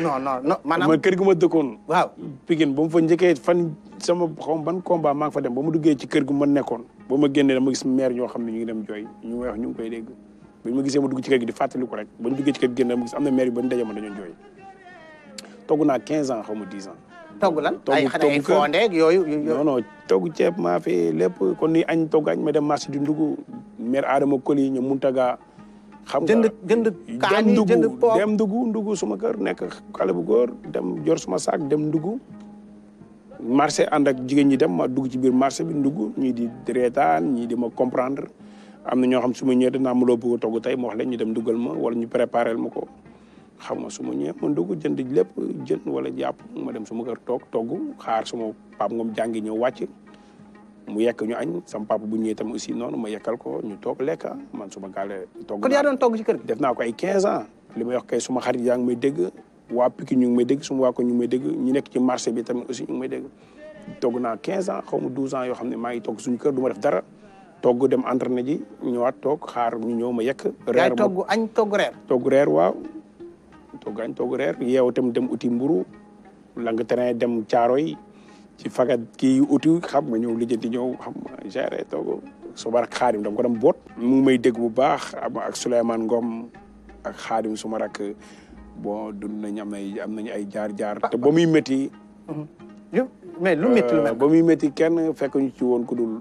non non non maanaam man kër gu ma dëkkoon. waaw Pikine ba mu fa fan sama xaw ban combat maa ngi fa dem ba mu duggee ci kër gu ma nekkoon. ba ma génnee dama gis maire xam ne ñu ngi dem jooy ñu may wax ñu ngi koy dégg bu ma gisee ma ko rek ba duggee ci kër gi génn am na maire yu togg naa 15 ans xaw ma 10 ans. togg lan ay xanaa ay fondé ak yooyu. non non togg ceeb maa fi lépp kon ni añ togg añ ma dem marché du Ndougu maire Adama Koli ñoom Muntaga xam nga jënd jënd kaani jënd poog dem ndugu ndugu suma kër nekk xale bu góor dem jor suma saak dem duggu marché ànd ak jigéen ñi dem ma dugg ci biir marché bi ndugg ñii di reetaan ñii di ma comprendre am na ñoo xam su ma ñëwee dinaa ma loo bëgg a togg tey ma wax leen dem duggal ma wala ñu préparé ma ko xam nga su ma ñëwee dugg jënd lépp jënd wala jàpp ma dem suma kër toog togg xaar suma pap ngoom jàngi ñëw wàcc mu yekk ñu añ sama papa bu ñëwee tam aussi noonu ma yekkal ko ñu toog lekk man su ma gaalee togg kon yaa doon togg ci kër gi def naa ko ay 15 ans li may wax kay suma xarit yaa ngi may dégg waa Pikine ñu ngi may dégg suma waa ko ñu ngi dégg ñu nekk ci marché bi tamit aussi ñu may dégg togg naa 15 ans xaw ma 12 ans yoo xam ne maa ngi suñu kër du ma def dara togg dem entraîné ji ñëwaat toog xaar ñu ñëw ma yekk reer togg añ togg reer togg reer waaw togg añ toog reer yeew itam dem uti mburu lang train dem caaroy ci fagat ki uti xam nga ñëw lijjanti ñëw xam géré so bar xaadim dam ko dam bot mu may deg bu baax ak souleyman ngom ak khadim suma rak bo dun na ñam ay am nañ ay jaar jaar te ba muy métti mais lu metti lu ba muy metti kenn fekk ñu ci woon ku dul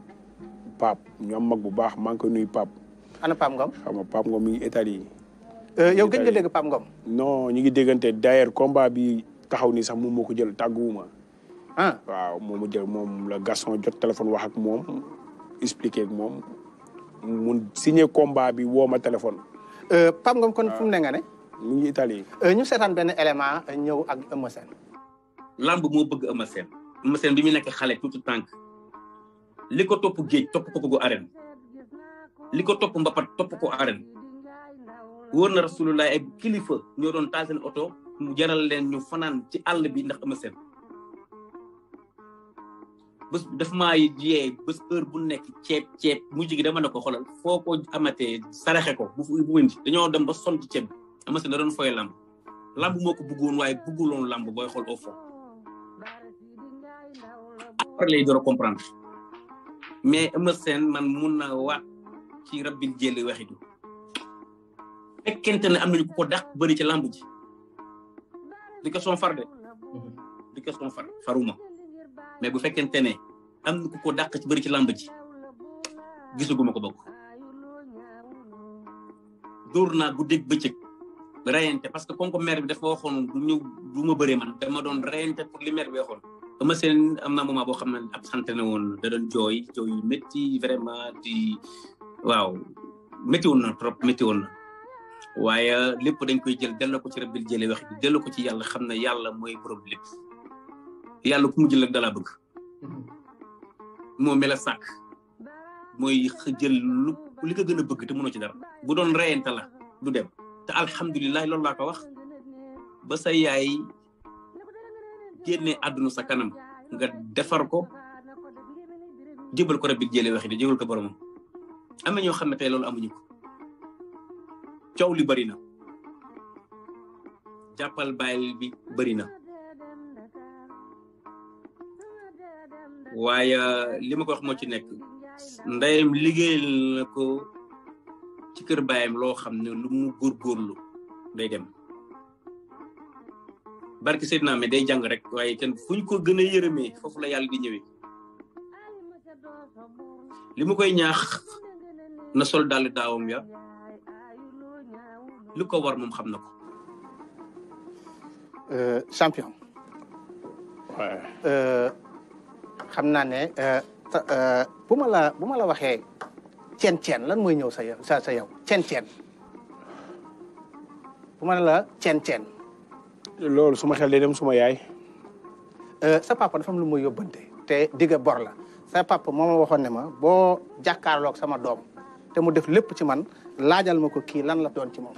pap ñom mag bu baax man ko nuy pap ana pap ngom xam nga pap ngom mi etali euh yow gën nga deg pap ngom non ñu ngi degante d'ailleurs combat bi taxaw ni sax mu moko jël taguuma ah waaw moomu jël moom la Gaston jot téléphone wax ak moom expliqué ak moom mun signé combat bi woo ma téléphone. Euh, Pape Ngom kon ah. fu ne nga ne. mu ngi Italie. Euh, ñu seetaan benn élément euh, ñëw ak Eumeu Sène. lamb moo bëgg Eumeu Sène. Eumeu bi mu nekk xale tuuti tànk li ko topp géej topp ko ko arène li ko topp mbapat topp ko arène wóor na rasulullah ay kilifa ñoo doon taal seen oto mu jaral leen ñu fanaan ci àll bi ndax Eumeu Sène. bés daf maa jé bés heure bu nek ciép ciép mu jigi dama nako xolal foko amaté saraxé ko bu bu wëndi dañoo dem ba son ci ciép bi ama si doon foy lamb lamb moko bëggoon waaye bëgguloon lamb boy xol au fond après lay door comprendre mais ama sen man mun naa waat ci rabbil jëli waxidu fekkente na am nañu ko ko bari ci lamb ji di far de mhm. di far faruma mais bu fekkente ne am na ku ko dàq ci ci làmb ji gisaguma ko bokk dóor naa guddeeg bëccëg reyante parce que comme que maire bi dafa waxoon du ñëw du ma bëree man dama doon reyante pour li maire bi waxoon ama seen am naa moment boo xam ne ab sant na woon da doon jooy jooy yu métti vraiment di waaw métti na trop métti woon na waaye lépp dañ koy jël delloo ko ci rabbil jële wax bi ko ci yàlla xam ne yàlla mooy borom lépp yàlla ku mu jël dalaa bëgg moo mel a sàkk mooy jël lu li nga gën a bëgg te mënoo ci dara bu doon reyante la du dem te alhamdulilah loolu laa ko wax ba sa yaay génnee àdduna sa kanam nga defar ko jëbal ko rabbil jële waxi de jébal ko boromam am na ñoo xam ne te loolu amuñu ko coow li bëri na jàppal bàyyil bi bëri na waaye euh, li ma ko wax moo ci nekk ndeyam liggéeyal na ko ci kër baayam loo xam ne lu mu lu day dem barke Seydina mais day jàng rek waaye kenn fuñ ko gën a yërëmee foofu la yàlla di ñëwee li koy ñaax na sol daal daawam ya lu ko war moom xam na ko euh, champion euh, xam naa ne euh, euh, bu ma la bu ma la waxee ceen ceen lan mooy ñëw sa yow sa sa yow ceen ceen bu ma la ceen ceen loolu suma xel day dem suma yaay euh, sa papa dafa am lu muy yóbbante te digga bor la sa papa moo ma waxoon ne ma boo jàkkaarloog sama doom te mu def lépp ci man laajal ma ko kii lan la doon ci moom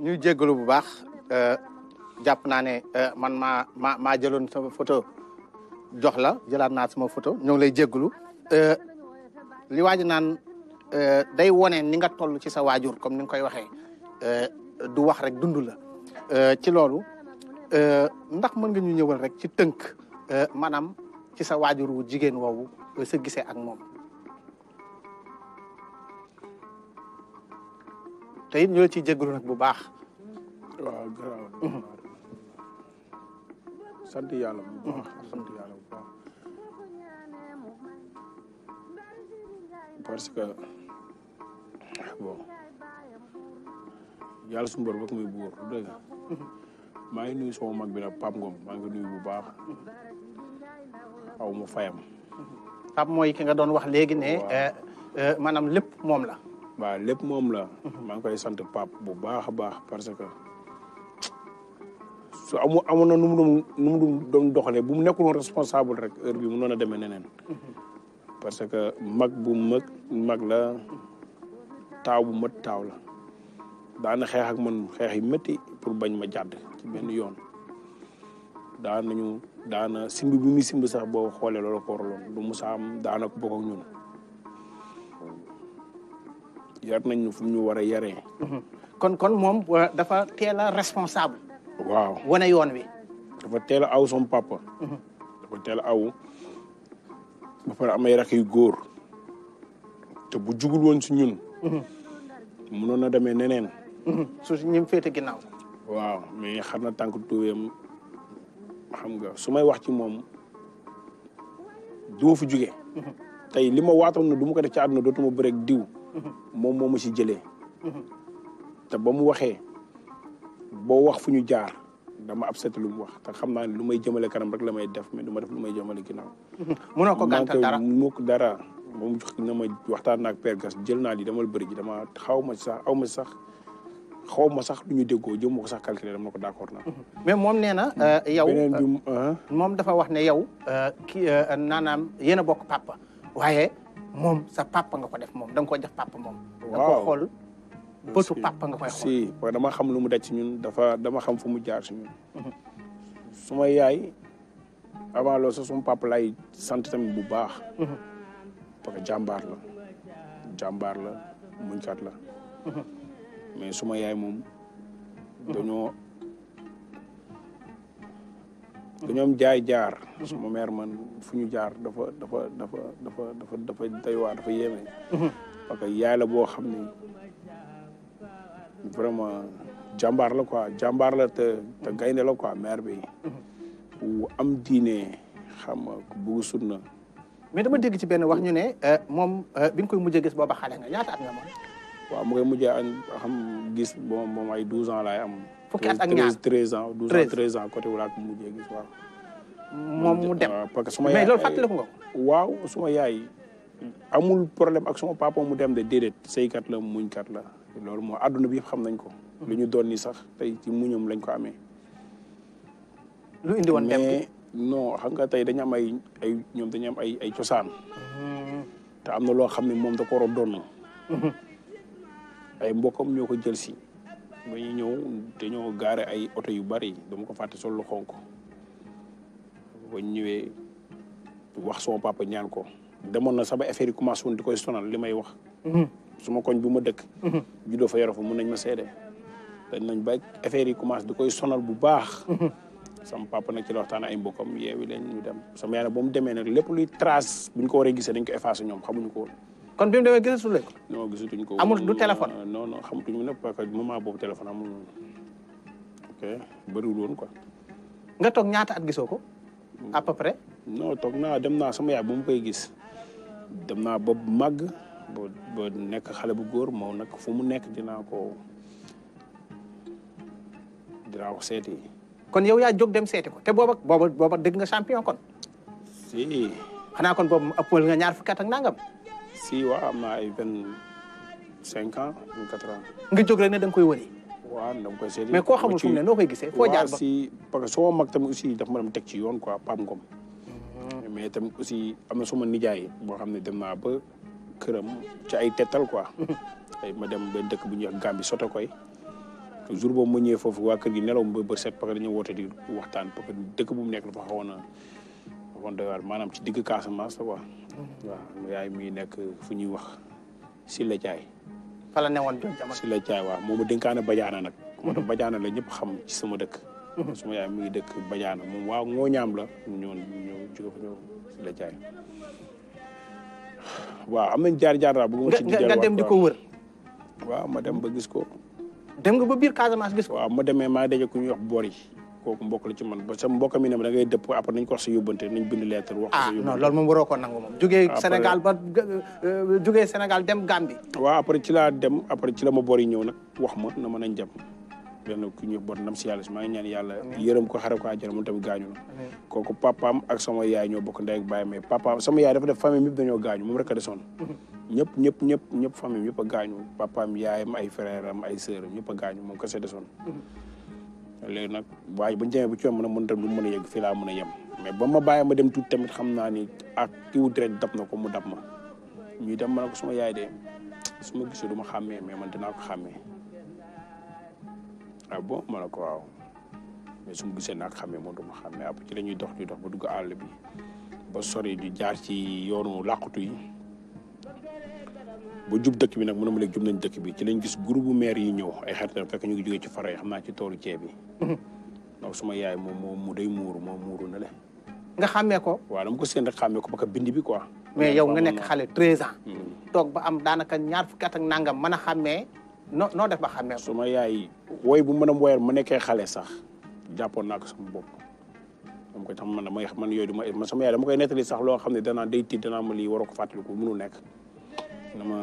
ñuy jéggalu bu baax euh, jàpp naa ne euh, man maa maa maa jëloon sama photo jox la jëlaat naa sama photo ñoo ngi lay jéggalu euh, li waaji naan day wone ni nga toll ci sa waajur comme ni nga koy waxee du wax rek dund la ci loolu ndax mën nga ñu ñëwal rek ci tënk maanaam ci sa waajur wu jigéen woowu sa gisee ak moom te it ñu la ciy jégalu nag bu baax. waaw garaaw. sant yàlla bu baax sant yàlla bu baax. parce que bon yàlla suñu muy fayam. mooy ki nga doon wax léegi ne. maanaam ba lepp mom la mang koy sante pap bu baakha baax parce que su amu amoon na num num doon nu bu mu nekkul responsable rek heure bi mu nona demé demee parce que mag bu mag mag la taw bu mat taw la daana xex ak man xex yi metti pour bañ ma jadd ci ben yoon daanañu daana simbi bu mi simbi sax bo xolé lolo ko waraloon du musa am daana ko bokk ñun yar nañ ñu fu ñu war a mhm. kon kon moom dafa teel a responsable. waaw wane yoon wi. dafa teel a aw son papa. Mhm. dafa teel a aw ba pare am ay rakk yu góor te bu jugul woon si ñun. Mhm. mënoon na demee neneen. su ñu féete ginnaaw. waaw mais xam na tànk tuweem xam nga su may wax ci moom du ma fi jugee. tey li ma waatoon ko def ci àdduna dootuma bëreeg diw. moom moo ma si jëlee. te ba mu waxee boo wax fu ñu jaar dama abset lu mu wax te xam naa ne lu may jëmale kanam rek la may def mais du ma def lu may jëmale ginnaaw. munoo ko gàntal dara munoo ko dara. moom ma waxtaan naag Père Gas jël naa lii dama bëri ji dama xaw ma sax aw ma sax xaw ma sax lu ñu déggoo jëm ma ko sax calculer dama na ko mais moom nee na. Euh, hmm. yow euh, moom dafa wax ne yow. Euh, kii naanaam yéen a bokk papa waaye. moom sa papa nga ko def moom danga nga koo jox papa moom. waaw da nga ko xool bëtu papa nga koy xool. si parce dama xam lu mu daj si ñun dafa dama xam fu mu jaar si ñun. Mhm. suma yaay avant loolu sax suma papa laay sant tamit bu baax. Mhm. parce que jàmbaar la jàmbaar la muñkat la. Mhm. mais suma yaay moom dañoo. dañoo am jaay jaar. sama mère man fu ñu jaar dafa dafa dafa dafa dafa dafa doy waar dafa yéeme. Mhm. parce que yaay la boo xam ni vraiment jàmbaar la quoi jàmbaar la te gaynde la quoi mère bi. bu mhm. am diine xam nga bëgg sunna mais dama dégg ci benn wax ñu ne euh, moom euh, bi nga koy mujjee gis booba xale nga ñaata at nga waaw mu koy mujjee am gis moom moom ay douze ans laay am. fukki at ak ñaar 13 ans 12 ans 13 ans côté wala mu mujjee gis moom mu dem parce que suma yaay mais waaw suma yaay amul problème ak suma papa mu dem de déedéet sëykat la muñkat la loolu moo àdduna bi yëpp xam nañ ko. Hmm. lu ñu doon ni sax tey ci muñam lañ ko amee. lu woon dem mais non xam nga tey dañu am ay ay ñoom dañu am ay ay cosaan. Hmm. te am na loo xam ne moom da ko war a doon. Hmm. ay mbokkam ñoo ko jël si. ba ñuy ñëw dañoo gaare ay oto yu bari dama ko fàtte sol lu xonk ba ñëwee wax sama ñaan ko demoon na sama affaire yi commencé woon di koy sonal li may wax mhm. suma koñ bu ma dëkk mhm. juddoo fa yoro fa mun nañ ma seede dañ nañ ba affaire yi commencé di koy sonal bu baax mhm. sama papa na ci la waxtaan ay mbokkam yeewi leen ñu dem sama yaay ba mu demee nag lépp luy trace buñ ko waree gisee dañ ko effacé ñoom xamuñu ko woon kon bi mu demee gisatu leen ko. non gisatuñ ko amul du téléphone. Euh, non non xamatuñ ne parce que moment boobu téléphone amul ok bëriwul woon quoi. nga toog ñaata at gisoo ko. à peu près. non toog naa dem naa sama yaay bu mu koy gis dem naa ba màgg ba nekk xale bu góor moo nag fu mu nekk dinaa ko dinaa ko seeti. kon yow yaa jog dem seeti ko te booba booba booba dëgg nga champion kon. si. xanaa kon boobu ëppal nga ñaar fukki at ak nangam. si waaw am na ay benn cinq ans vingt quatre nga jóg rek ne da koy wëri. waaw da koy seeti. mais koo xamul fu mu ne noo koy gisee. foo jaar ba si parce soo sama mag tamit aussi daf ma dem teg ci yoon quoi Pape Ngom. Mhm. mais tamit aussi am na suma nijaay boo xam ne dem naa ba këram ci ay tettal quoi. Mhm. ma dem ba dëkk bu ñuy wax Gambie soto koy. jour boo ma ñëwee foofu waa kër gi nelaw ba ba set parce que dañu woote di waxtaan parce dëkk bu mu nekk dafa xawoon a xawoon doy waar maanaam ci digg Casamance quoi. waaw yaay muy nekk fu ñuy wax Sile Thiay. fa la newoon jooju jamono Sile Thiay waaw moom a dénkaane Badiana nag. moo tax Badiana la ñëpp xam ci sama dëkk. Mhm. suma yaay mi ngi dëkk Badiana moom waaw Ngooñaam la ñoon ñëw jóge fa ñëw Sile Thiay. waaw am nañ jaar jaar daal bëgguma ci. nga dem waaw ma dem ba gis ko. dem nga ba biir Casamance gis ko. waaw ma demee maa daje ku ñuy wax Bori. kooku mbokk la ci man ba sa mbokk mi ne ma da ngay dëpp après nañ ko wax sa yóbbante nañ bind lettre wax ah non loolu moom waroo ko nangu moom jugee Sénégal ba euh, jugee Sénégal dem Gambie waaw après ci laa dem après ci la ma bor yi ñëw nag wax ma na ma nañ dem benn ku ñu bor si yàlla si maa ngi ñaan yàlla yërëm ko xare ko àjjana moom tamit gaañu na kooku papaam ak sama yaay ñoo bokk ndey ak baay mais papaam sama yaay dafa def famille yëpp dañoo gaañu moom rek a desoon ñëpp ñëp ñëp ñëpp famille yëpp a gaañu papaam yaayam ay frère am ay sœur am ñëpp a gaañu moom kese desoon léegi nag waaye buñ demee bu coom mën a mën tam du mën a yegg fii laa a yem mais ba ma bàyyi ma dem tuuti tamit xam naa ni ak kiwu direct dab na ko mu dab ma ñuy dem ma ne ko suma yaay de su ma gisee du ma xàmmee mais man dinaa ko xàmmee ah bon ma ko waaw gisee naa ko xàmmee moom du ma xàmmee après ci la ñuy dox di dox ba dugg àll bi ba sori di jaar ci yoonu làqutu yi ba jub dëkk bi nag mu a ma léegi jub nañ dëkk bi ci lañ gis groupe maire yi ñëw e xeet la fekk ñu ngi jógee ci fara xam naa ci toolu ceeb yi mhm. donc yaay moom moo mu day muuru moom muuru na le nga xàmmee ko waaw dama ko seen rek ko parce que bind bi quoi mais yow nga nekk xale treize ans mhm. toog ba am daanaka ñaar fukki at nangam mën a xàmmee noo noo def ba xàmmee ko suma yaay woy bu mën a wooyal ma nekkee xale sax jàppoon naa ko sama bopp dama koy tax man damay man yooyu ma sama yaay dama koy nettali sax loo xam ne dana day tiit danaa ma lii war a ko fàttaliku mënu nekk na ma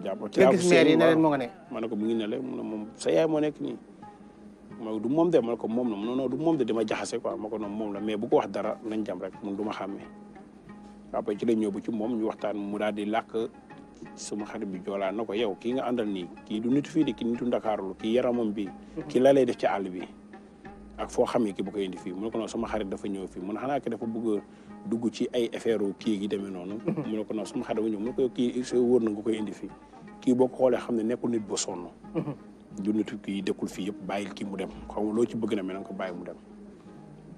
dama koy ci laa ko yi ne leen moo nga ma ne ko mu ngi ne leen mu ne moom sa yaay moo nekk nii. ma du moom de ma ko moom la non non du moom de dama jaxase quoi ma ko noonu moom la mais bu ko wax dara nañ jam rek mun du ma xàmmee. après ci la ñëw bu ci moom ñu waxtaan mu daal di làkk sama xarit bi joolaan na ko yow kii nga àndal nii ki du nit fii di kii nitu Ndakaarlu kii yaramam bi ki la lay def ci àll bi. ak foo xamee ki bu ko indi fii mu ne ko noonu sama xarit dafa ñëw fii mun ne xanaa ki dafa bugg dugg ci ay affaire kii gi demee noonu. mu ne ko non sama xarit bu ñëw mu ne ko kii wóor na koy indi fii kii boo ko xoolee xam ne nekkul nit ba sonn. du nit kii dëkkul fii yëpp bàyyil kii mu dem xaw ma ci bëgg na mais na ko bàyyi mu dem.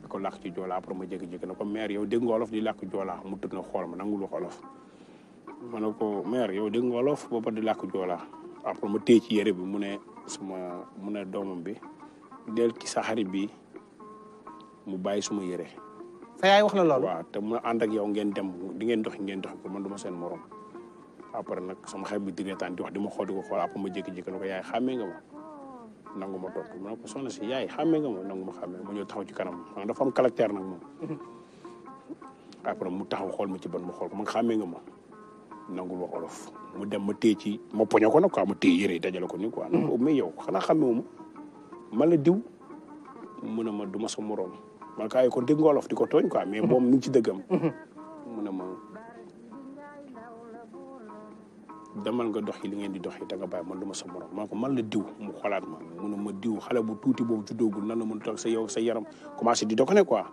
di ko ci joolaa après ma jékki-jékki na ko maire yow dégg nga làkk joolaa mu tëdd na xool ma nangul ne ko maire yow dégg nga olof booba di làkk joolaa après ma téye ci yére bi mu ne suma mu ne doomam bi del ki sa xarit bi mu bàyyi suma yére. sa yaay wax la loolu. waaw te mu ànd ak yow ngeen dem di ngeen dox ngeen dox ko man duma ma seen morom après nak sama xel bi di reetaan di wax di ma xool ko xol après ma jékki-jékki na ko yaay xàmmee nga ma nanguma ma mu ma ne ko soxna si yaay xàmmee nga ma nanguma ma xàmmee ma ñëw taxaw ci kanam ma dafa am caractère nak moom. après mu taxaw xol ma ci ban ma xol ko man xàmmee nga ma nangul wax olof mu dem ma téye ci ma poñe ko nak quoi ma téye yére dajale ko ni quoi. Hmm. mais yow xana xàmmee wu ma la diw mu ne ma duma sa morom ma kaay kon dégg ngolof di ko tooñ quoi mais moom mi ci dëggam mu ne ma demal nga li ngeen di doxi te nga bàyyi man du ma sa morom ko man la diw mu xolaat ma mu ne ma diw xale bu tuuti boobu juddoogul nan la mën sa yow sa yaram commencé di dogane quoi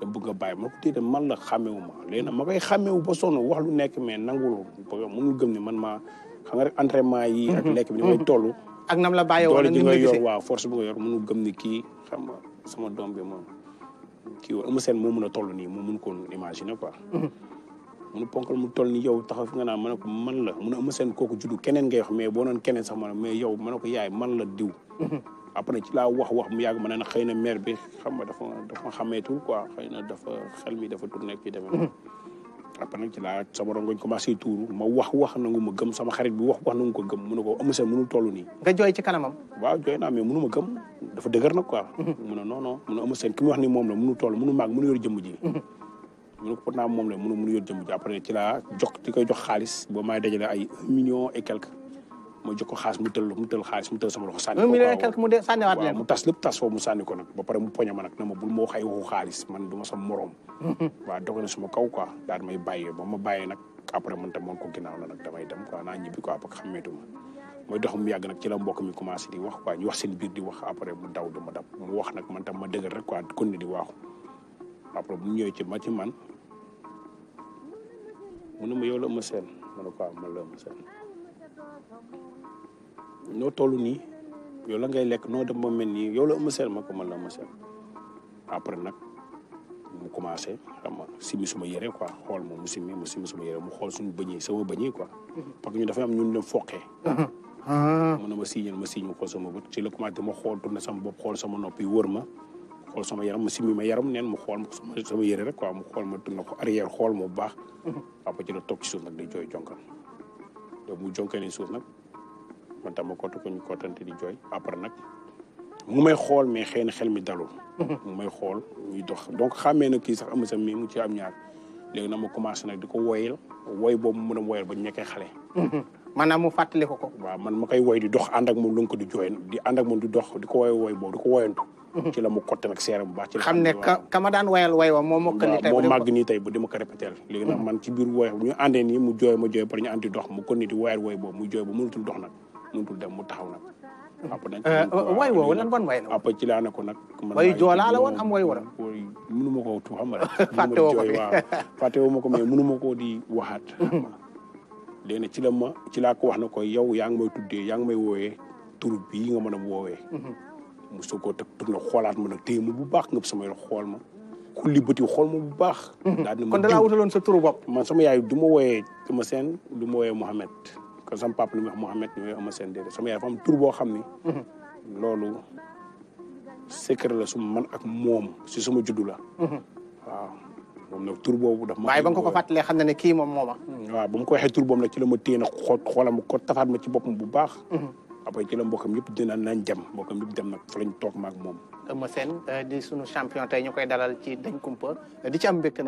da bëgg nga bàyyi ma ko téye man la xàmmewu ma léegi nag ma koy xàmmewu ba sonn wax lu nekk mais nangul munu gëm ni man ma xam nga rek entraînement yi ak lekk mhm. bi ni may mhm. toll ak nam la bàyyi woon doole nga yor waaw force bu nga yor munu gëm ni ki xam nga sama doom bi kii Eumeu Sène moo mun a toll nii mu mun ko imaginer quoi. Mm-hmm. munu ponkal mu toll nii yow taxaw fi nga naan ma ne ko man la mun a Eumeu Sène kooku juddu keneen ngay wax mais boo noon keneen sax ma ne mais yow ma ne ko yaay man la diw. Mm-hmm. après ci laa wax wax mu yàgg ma ne na xëy na mère bi xam nga dafa dafa xameetul quoi xëy na dafa xel mi dafa tourné kii demee. après nag ci laa sama rongoñ commencé tuuru ma wax wax nangu ma gëm sama xarit bi wax wax nangu ko gëm mu ne ko Eumeu Sène mënul nga jooy ci kanamam waaw jooy naa mais mënu ma gëm dafa dëgër nag quoi mhm. mu ne non non mu ne wax ni moom la mënul toll mënu màgg mënu yor jëmm ji mhm. mu ne ko pourtant moom la mënu mënu yor ji après ci laa jox ci xaalis ba may dajale ay un million et quelque ma jox ko xaalis mu teul mu teul xaalis mu teul sama loxo sànni ko million quelque mu dee wat leen mu tass lepp tass fo mu sànni ko nak ba pare mu poña ma nag na ma bul mo wax ay waxu xaalis man duma sama morom wa dogal na suma kaw quoi daal may baye ba ma baye nak après mon tam moon ko ginaaw la nak damay dem quoi na ñibi quoi parce que xammeetuma mooy dox mu yàgg nag ci la mbokk mi commencé di wax quoi ñu wax seen bir di wax après mu daw duma dab mu wax nak man tam ma deugal rek quoi kon ne di wax après bu ñëwee ci ma ci man mu ne ma yow la ma seen mu ne quoi ma la ma seen noo toll nii yow la ngay lekk noo dem ba mel nii yow la ëmm ma ko man la ëmm seen après nag mu commencé xam nga simi suma yére quoi xool moom mu simi mu simi mu xool suñu bëñee sama bëñee quoi. parce que ñu dafa am ñun dem foqee. mu na ma siiñal ma siiñ mu xool sama bët ci la commencé ma xool na sama bopp xool sama nopp yi wër ma. xool sama yaram ma simi ma yaram neen mu xool sama sama yére rek quoi mu xool ma tourné ko arrière xool ma bu baax. après ci la toog ci suuf nag day jooy jonkal mu jonkani suuf nag man tam ma kottu ko ñu kottante di jooy après nag mu may xool mais xëy na xel mi dalul. Mhm. mu may xool ñuy dox donc xàmmee na kii sax a sa mi mu ci am ñaar léegi nag ma commencé nag di ko woyal woy boobu mu mën a woyal ba ñu xale. Mhm. maanaam mu fàttali ko ko. waaw man ma koy woy di dox ànd ak moom lu ko di jooy di ànd ak di dox di ko woy woy boobu di ko woyantu. ci la mu cotte nag seere bu baax xam ne ka daan wayal way wa moo mokk nii tey bu dima ko répété léegi nag mm. man ci biir woy ñu àndee nii mu jooy ma jooy par ñu àndi dox mu kon ni di wayal woy boobu mu jooy ba mënutul dox nag mënutul dem mu taxaw nag app dañ euh, na app ci laa ne ko nag way joolaa la woon way wara mënu ma ko tu xam nga fàtte woo ko waaw woo ma ko mais mënu ma koo di waxaat léegi nag ci la ma ci la ko wax na ko yow yaa ngi may tuddee yaa ngi may wooyee tur bii nga mën a woowee mm-hmm. mu soog koo teg xoolaat ma nag téye ma bu baax ngëpp sama loxo xool ma kulli bëti xool ma bu baax. Mhm. daal di ma kon da laa wutaloon sa turu bopp. man sama yaay du ma wooyee Eumeu Sène du ma wooyee Mouhamed kon sama papa lu muy wax Mouhamed du ma wooyee Eumeu Sène mhm. la su la. Mhm. waaw moom nag ma. waaye ba nga ko fàttalee xam na ne kii moom mooma. waaw ba mu ko waxee tur boobu nag ma bu baax. après ci la mbokkam yëpp dina nañ jam mbokkam yëpp dem na fa lañ toog maag moom. Eumeu Sène euh, di sunu champion tey ñu koy dalal ci dañ kumpa di ci am mbégte